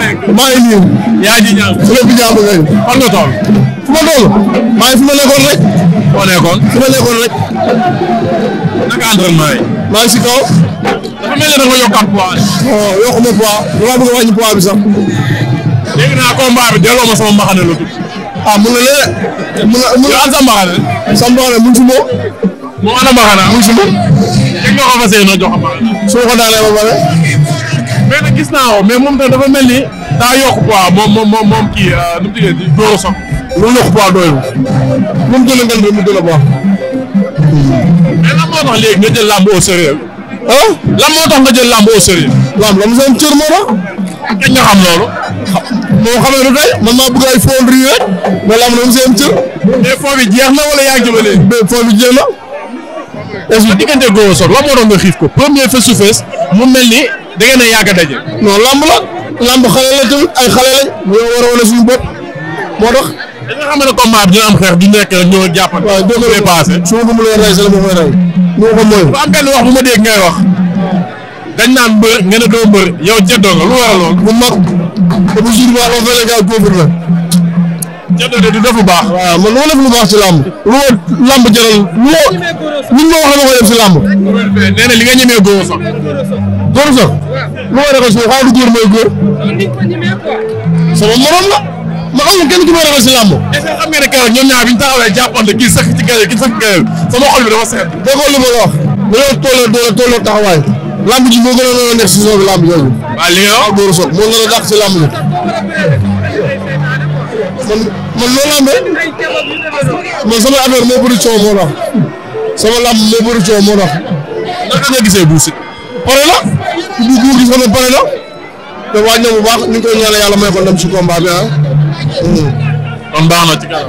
nekk. maa ngi nii. yaa ngi ñaax. lépp jàmm ngay. fan nga toll. fu ma toll. maa ngi fi ma nekkoon rek. foo nekkoon. fi ma rek. naka entraînement yi. maa ngi si kaw. dafa mel ni da nga yokkaat poids. non oh, yokkuma poids. damaa bëgg a wàññi poids bi sax. dégg naa combat bi delloo ma sama mbaxane la tudd. ah mun na lee. mun na mun na mbaxane. sa mbaxane mu si moo. mu ana mbaxane ah, mu si moo. dégg nga ko fas yéene jox ko mbaxane. su ma ko daanee ba pare. mais nag gis naa ko mais moom dafa mel ni daa yokk poids moom moom moom kii euh, nu mu tuddee Doro Sock. loolu yokk poids doyul. moom gën a a léegi nga jël làmb au sérieux. ah lan jël làmb au sérieux. làmb la mu seen cër moo tax. kañ nga xam loolu. moo xamee du tey man maa bëgg ay fóol rue làmb la mu seen cër. mais foo jeex na wala yaa ngi jëmale. mais foo bi jeex na. est-ce que ko premier face to mu mel ni. da ngeen a yàgg daje. non lamb la lamb xale la tamit ay xale lañ. bu ñu war a wane suñu moo tax. da nga xam ne combat bi xeex du nekk ñoo jàppante. waaw doo ko lay passé su ma ko mënee ma mooy. bu am benn wax bu ma dégg ngay wax. dañ naan mbër nga ne doo mbër yow ceddoo nga lu war a lool. bu mag te bu jour jëndee du def lu baax. waaw man lu ma def lu baax ci làmb. lu ma làmb jëral lu ma li ma wax dama koy def ci làmb. nee na li nga ñemee góor sax. góor sax lu ma ragal si moom xaaral góor mooy góor. sama morom la. ma amul kenn ku may ragal si làmb. est-ce que xam nga ne keroog ñoom ñaar bi ñu taxawee jàppante kii sax ci gayoo kii sax ci gayoo sama xol bi dafa seet. déggoo li ma la wax. dañoo tolloo doole tolloo taxawaay. làmb ji moo gënoon a nekk si saison bi làmb yooyu. waaw li nga wax góor soog moo gën a dàq si làmb ji. man man loolu am man sama affaire mooy production moo tax sama lamb mooy production moo tax. naka nga gisee Bou Siteu. pare na bu guur gi sax waaj na bu baax ñu ngi koy ñaanal yàlla may ko ndam si combat ah. hmm. baax na ci kanam